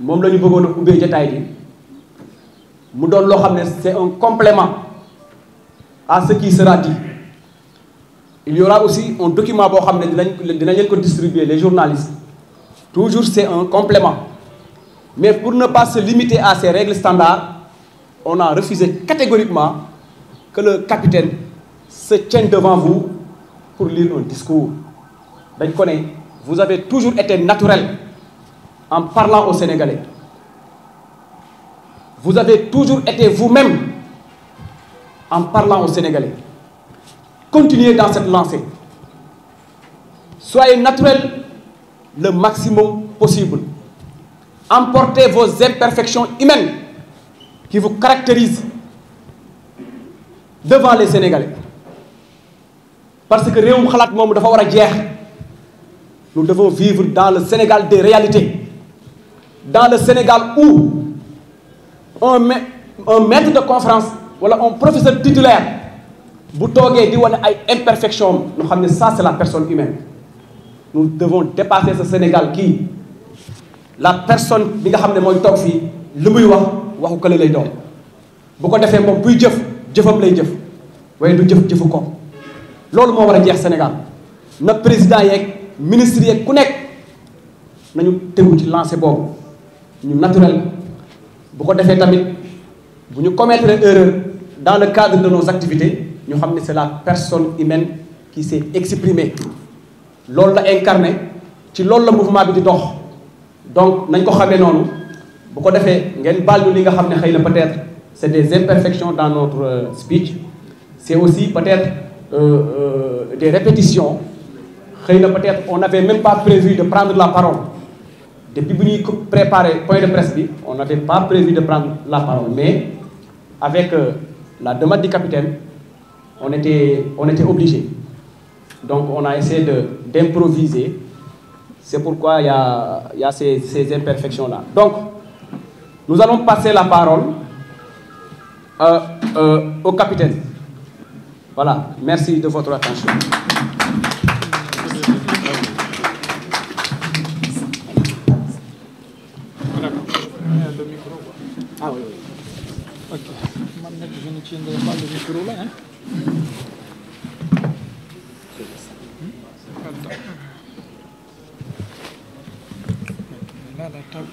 moom la ñu bëggoon a ubbee jataay bi mu doon loo xam ne c'est un complément à ce qui sera dit il y aura aussi un document boo xam ne dinañ dinañ leen ko distribuer les journalistes toujours c'est un complément mais pour ne pas se limiter à ces règles standards on a refusé catégoriquement que le capitaine se tienne devant vous pour lire un discours dañ ko ne vous avez toujours été naturel en parlant aux Sénégalais. Vous avez toujours été vous-même en parlant aux Sénégalais. Continuez dans cette lancée. Soyez naturel le maximum possible. Emportez vos imperfections humaines qui vous caractérisent devant les Sénégalais. Parce que réewum xalaat moom dafa war a jeex. Nous devons vivre dans le Sénégal des réalités. dans le Sénégal où un ma un maître de conférence wala un professeur titulaire bu toogee di wane ay imperfection ñu xam ne ça c'est la personne humaine nous devons dépasser sa Sénégal kii la personne bi nga xam ne mooy toog fii lu muy wax waxu kële lay doom bu ko defee moom buy jëf jëfam lay jëf waaye du jëf jëfu ko loolu moo war a jeex Sénégal na président yeeg ministre yeeg ku nekk nañu tegu ci lancé boobu ñu naturel bu ko defee tamit bu ñu commettre erreur dans le cadre de nos activités ñu xam ne c'est la personne humaine qui s'est exprimer loolu la incarné ci loolu la mouvement bi di dox donc nañ ko xamee noonu bu ko defee ngeen baal ñu li nga xam ne xëy na peut-être c'est des imperfections dans notre euh, speech c'est aussi peut-être euh, euh, des répétitions xëy na peut-être on n'avait même pas prévu de prendre la parole depuis bu ñuy préparer point de presse bi on n'avait pas prévu de prendre la parole mais avec euh, la demande du capitaine on était on était obligé donc on a essayé de d'improviser c'est pourquoi il y a il y a ces ces imperfections là donc nous allons passer la parole euh, euh, au capitaine voilà merci de votre attention Ah oui, je ne tiendrai pas le micro Hein. Maintenant, la table.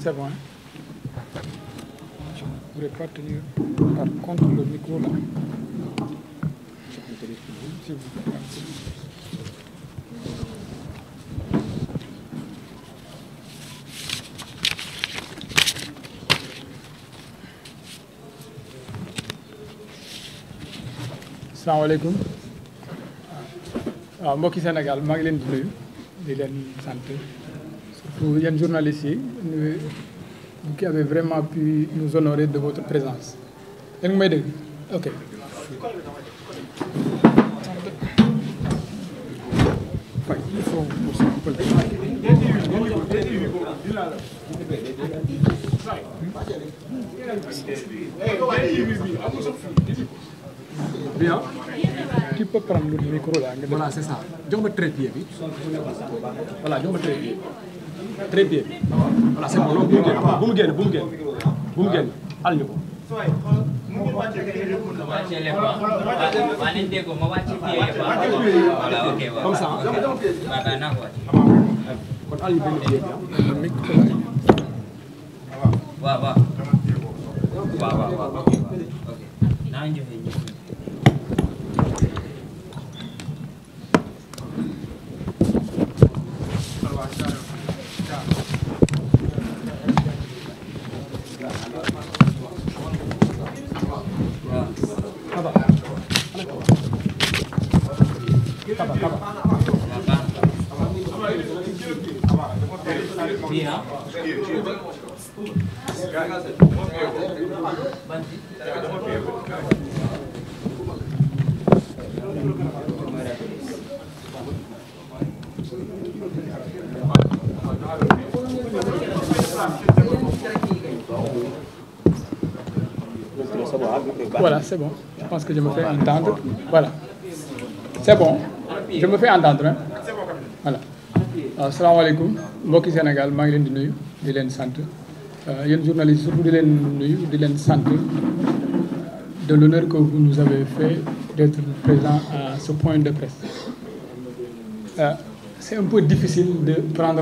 C'est bon, hein? Je ne pourrais pas tenir par contre le micro là. Je salaamaaleykum waaw ah, mbokki Sénégal maa ngi leen di nuyu di vous qui avez vraiment pu nous honorer de votre présence. Yaa ngi may dégg ok. Bien. Tu peux prendre le micro là. Voilà, c'est ça. Jox ma trépied bi. Voilà, jox ma trépied bi. très bien voilà c'est bon loolu bu mu génn bu mu génn bu mu génn bu mu génn al ñu ko. comme ça. kon al ñu benn biir waaw waaw waaw waaw waaw ok naa joxe Tina. Voilà, c'est bon. Je pense que je me fais entendre. Voilà. C'est bon. Je me fais entendre. Hein? Voilà. waaw euh, salaamaaleykum mbokki Sénégal maa ngi leen di nuyu di leen sant euh, yéen journalistes surtout di leen nuyu di leen sant de l'honneur de presse ah c'est un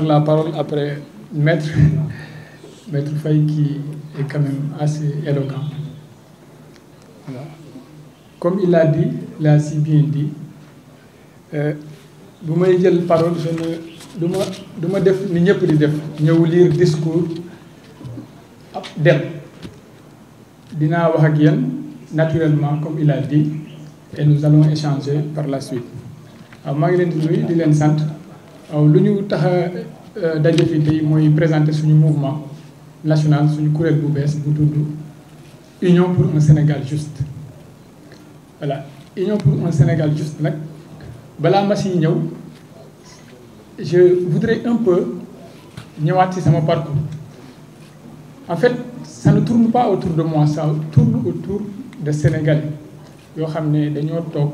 la parole après maître maître Faye qui comme il l'a dit l'a si bien dit bu may jël parole je ne du ma def ni ñëpp di def ñëw lire discours ab dem dinaa wax ak yéen naturellement comme il a dit et nous allons échanger par la suite waaw maa ngi leen di di leen sant waaw lu ñu tax a euh, daje tey mooy présenter suñu mouvement national suñu kuréel bu bees bu tudd Union pour un Sénégal juste voilà Union pour un Sénégal juste nag balaa ma siy ñëw. je voudrais un peu ñëwaat ci sama parcours en fait ça ne tourne pas autour de moi ça tourne autour de Sénégalais yoo xam ne dañoo toog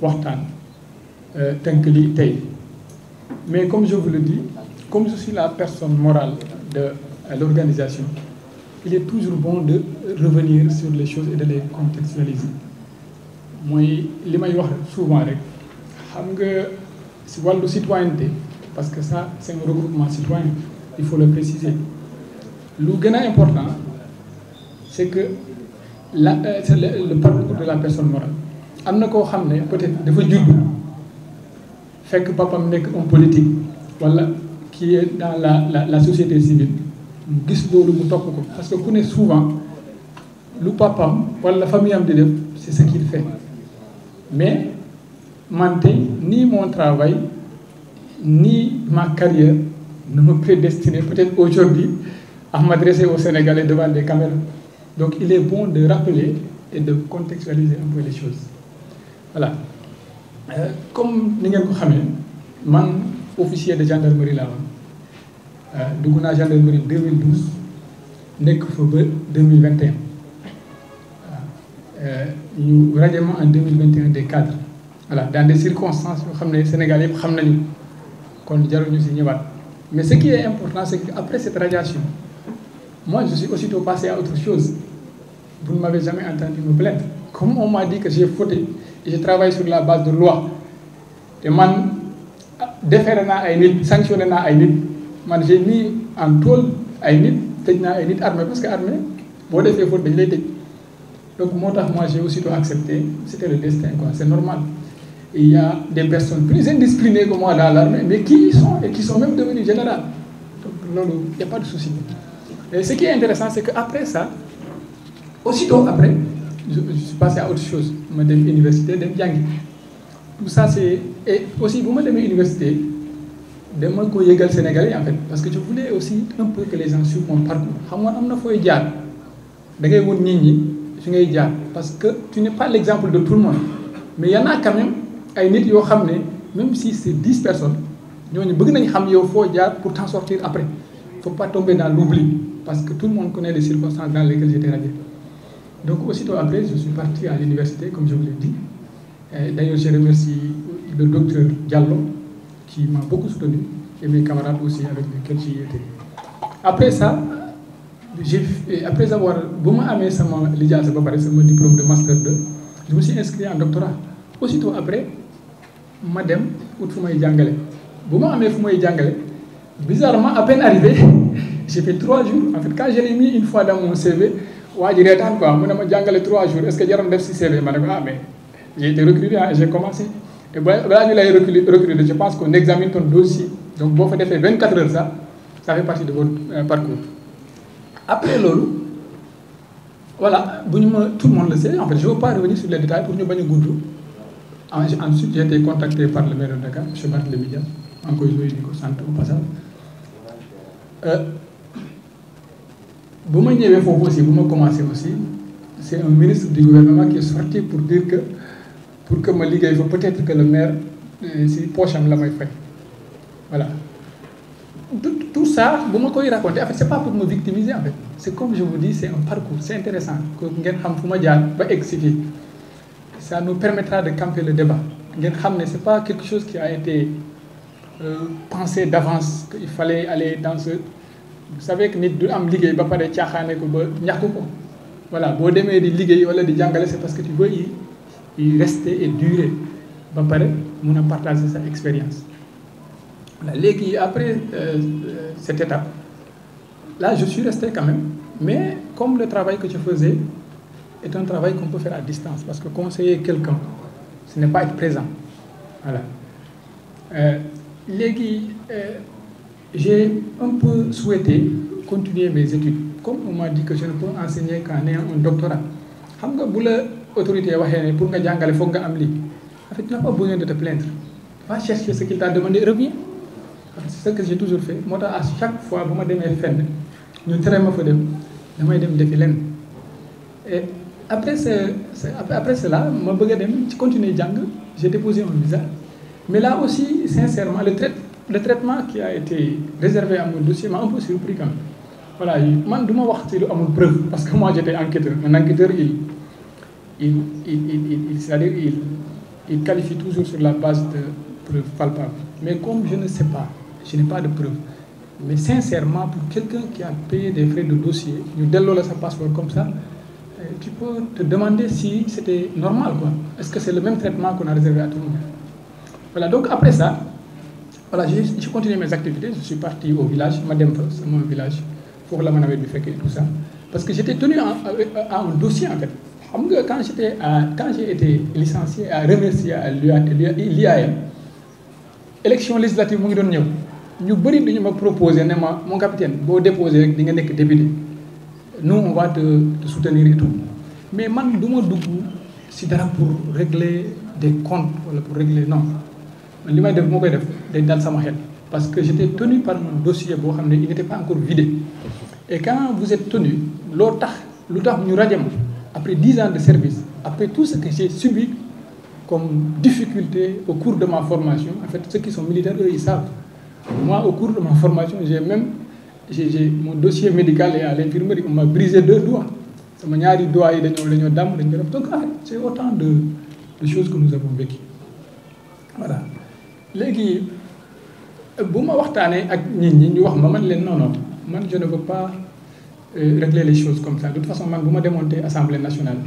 waxtaan euh, tënk li tey mais comme je vous le comme je suis la personne morale de l'organisation il est toujours bon de revenir sur les choses et de les contextualiser mooy li may wax souvent rek xam nga si wàllu citoyenneté parce que ça c'est un regroupement citoyen il faut le préciser lu gën a important c'est que la euh, c'est le, le parcours de la personne morale am na koo xam ne peut-être dafa jur fekk papam nekk un politique wala qui est dans la la, la société civile gis loolu mu topp ko parce que ku ne souvent lu papam wala famille am di def c'est ce qu'il fait mais man tey nii mon travail ni ma carrière ne me prédestinait peut-être aujourd'hui à m'adresser aux Sénégalais devant des caméras. Donc il est bon de rappeler et de contextualiser un peu les choses. Voilà. Euh, comme ni ngeen ko xamee man officier de gendarmerie laa woon euh, dugg naa gendarmerie 2012 nekk fa ba 2021 waaw euh, euh, ñu radié ma en 2021 des cadres voilà dans des circonstances yoo xam ne Sénégal yëpp xam nañu. kon jaruñu si ñëwaat mais ce qui est important c'est que après cette radiation moi je suis aussitôt passé à autre chose vous m m'avez jamais entendu me plaindre comme on m'a dit que j'ai fauté je travaille sur la base de loi te man defere naa ay nit sanctionné naa ay nit man j'ai ni en tôle ay nit tëj naa ay nit armée parce que armée boo defee faute dañ lay tëj donc moo tax moi j'ai aussitôt accepté c'était le destin quoi c'est normal il y a des personnes plus indisciplinées que moi dans l'armée, mais qui y sont et qui sont même devenues générales. Donc, il n'y a pas de souci. Et ce qui est intéressant, c'est qu'après ça, aussitôt après, je, je, suis passé à autre chose. Je suis université, je suis Tout ça, c'est. Et aussi, vous m'avez université, je suis au Sénégalais, en fait, parce que je voulais aussi un peu que les gens suivent mon parcours. Je suis un peu Parce que tu n'es pas de tout le monde. Mais il y en ay nit yoo xam ne même si c'est dix personnes ñooñu bëgg nañ xam yow foo jaar pour t'en sortir après faut pas tomber dans l'oubli parce que tout le monde connaît les circonstances dans lesquelles j'étais radié donc aussitôt après je suis parti à l'université comme je vous l'ai dit et d'ailleurs je remercie le docteur Diallo qui m'a beaucoup soutenu et mes camarades aussi avec lesquels j'y étais après ça j'ai après avoir bu ma amee sama lijaasa ba pare sama diplôme de master 2 je me suis inscrit en ma dem ut fu may jàngale bu ma amee fu may jàngale bizarrement à peine arrivé j'ai fait trois jours en fait quand je l'ai mis une fois dans mon CV waa ji reetaan quoi mu ne ma jàngale trois jours est-ce def si CV ma ne ko ah mais ah, commencé te balaa ñu lay recruter je pense qu'on examine ton dossier donc boo fa defee vingt quatre heures de votre euh, parcours après loolu voilà bu ñu ma tout le monde le sait en fait je veux pas revenir ñu bañ a gudd Ensuite, j'ai été contacté par le maire de Dakar, M. Barthélémy Diaz, encore une fois, sant au passage. Euh, bu ma ñëwee foofu aussi bu ma commencé aussi c' est un ministre du gouvernement qui sorti pour dire que pour que ma liggéey fa peut-être que le maire euh, si poche am la may fay voilà tout ça bu ma koy raconter en fait c' est pas pour me victimiser en fait c' comme je vous dis c' un parcours c' intéressant que ngeen xam fu ma jaar ba egg ça nous permettra de camper le débat ngeen xam ne c'est pas quelque chose qui a été euh, pensé d'avance qu'il fallait aller dans ce vous savez que nit du am liggéey ba pare caaxaane ko ba ñàkku ko voilà boo demee di liggéey wala di jàngale c'est parce que tu veux y y rester et durer ba pare mun a partager sa expérience voilà léegi après euh, euh cette la là je suis resté quand même mais comme le travail que je faisais est un travail qu'on peut faire à distance parce que conseiller quelqu'un ce n'est pas être présent voilà euh, léegi euh, j'ai un peu souhaité continuer mes études comme on m'a dit que je ne peux enseigner qu'en ayant doctorat xam nga bu la autorité waxee ne pour nga jàngale foog nga am lii en fait tu besoin de te plaindre va chercher ce qu'il t'a demandé reviens c'est ce que j'ai toujours fait moo tax à chaque fois bu ma demee fenn ñu tere ma fa dem damay dem defi lenn après ce après cela ma bëgg a dem ci continuer jàng j'ai déposé un visa mais là aussi sincèrement le trai le traitement qui a été réservé à mon dossier m'a un peu surpris quand même man du ma wax ci lu amul preuve parce que moi j'étais enquêteur un enquêteur il il il c'est-à-dire il qualifie toujours sur la base de preuves palpables mais comme je ne sais pas je n'ai pas de preuve mais sincèrement pour quelqu'un qui a payé des frais de dossier ñu delloo la sa passeport Euh, tu pou te demander si c'était normal, quoi. Est-ce le c'est le même traitement qu'on a réservé à tout le monde Voilà, donc après ça, voilà, j'ai continué mes Je suis parti au village, Madempe, c'est mon village, pour la manavette du Feke et tout sa Parce que j'étais tenu à, un euh, euh, dossier, en fait. Quand j'ai été licencié, à remercier à l'IAM, élection législative, nous avons proposé, mon capitaine, vous déposez, vous êtes député. nous on va te, te soutenir et tout mais man du ma si dara pour régler des comptes wala pour régler non li may def moo koy def day dal sama xel parce que j'étais tenu par mon dossier boo xam ne il n'était pas encore vidé et quand vous êtes tenu loo tax lu tax ñu rajo ma après dix ans de service après tout ce que j'ai subi comme difficulté au cours de ma formation en fait ceux qui sont militaires eux ils savent moi au cours de ma formation j'ai même j'ai mon dossier médical et à l'infirmerie on m'a brisé de doigts sama ñaari doigts yi dañoo dañoo dàmm dañ ko def donc ah, en fait de de choses que bu avons vécu léegi bu ma waxtaanee ak nit ñi ñu wax ma man leen non man je ne veux pas euh, régler les choses comme ça de toute façon man bu ma démonter assemblée nationale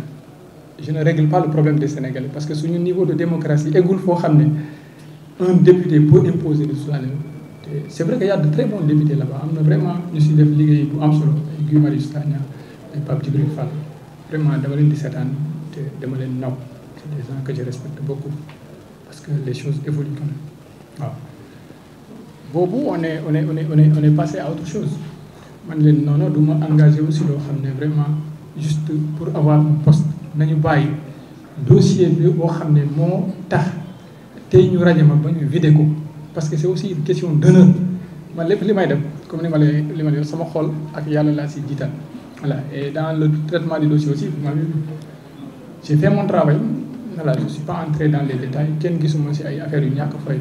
je ne règle pas le problème des sénégalais parce que suñu niveau de démocratie eggul foo xam ne un député peut imposer de soi-même c' est vrai que y' de très bons députés am na vraiment ñu si def liggéey bu am solo ay Guy Marius Sagna ay Pape Djibril Fall vraiment dama leen di seetaan te dama leen naw c' est des gens que je respecte beaucoup parce que les choses évoluent quand même waaw. boobu on est on est on est on est on est passé à autre chose man leen non non du ma engagé wu si loo xam ne vraiment juste pour avoir un poste nañu bàyyi dossier bi boo xam ne moo tax tey ñu rajo ma ba ñu o parce que c'est aussi une question d'honneur man lépp li may def comme ni ma lay li ma sama xool ak yàlla laa si jiital voilà et dans le traitement du dossier aussi ma j'ai fait mon travail voilà je suis pas entré dans les détails kenn gisuma si ay affaires yu ñàkk fay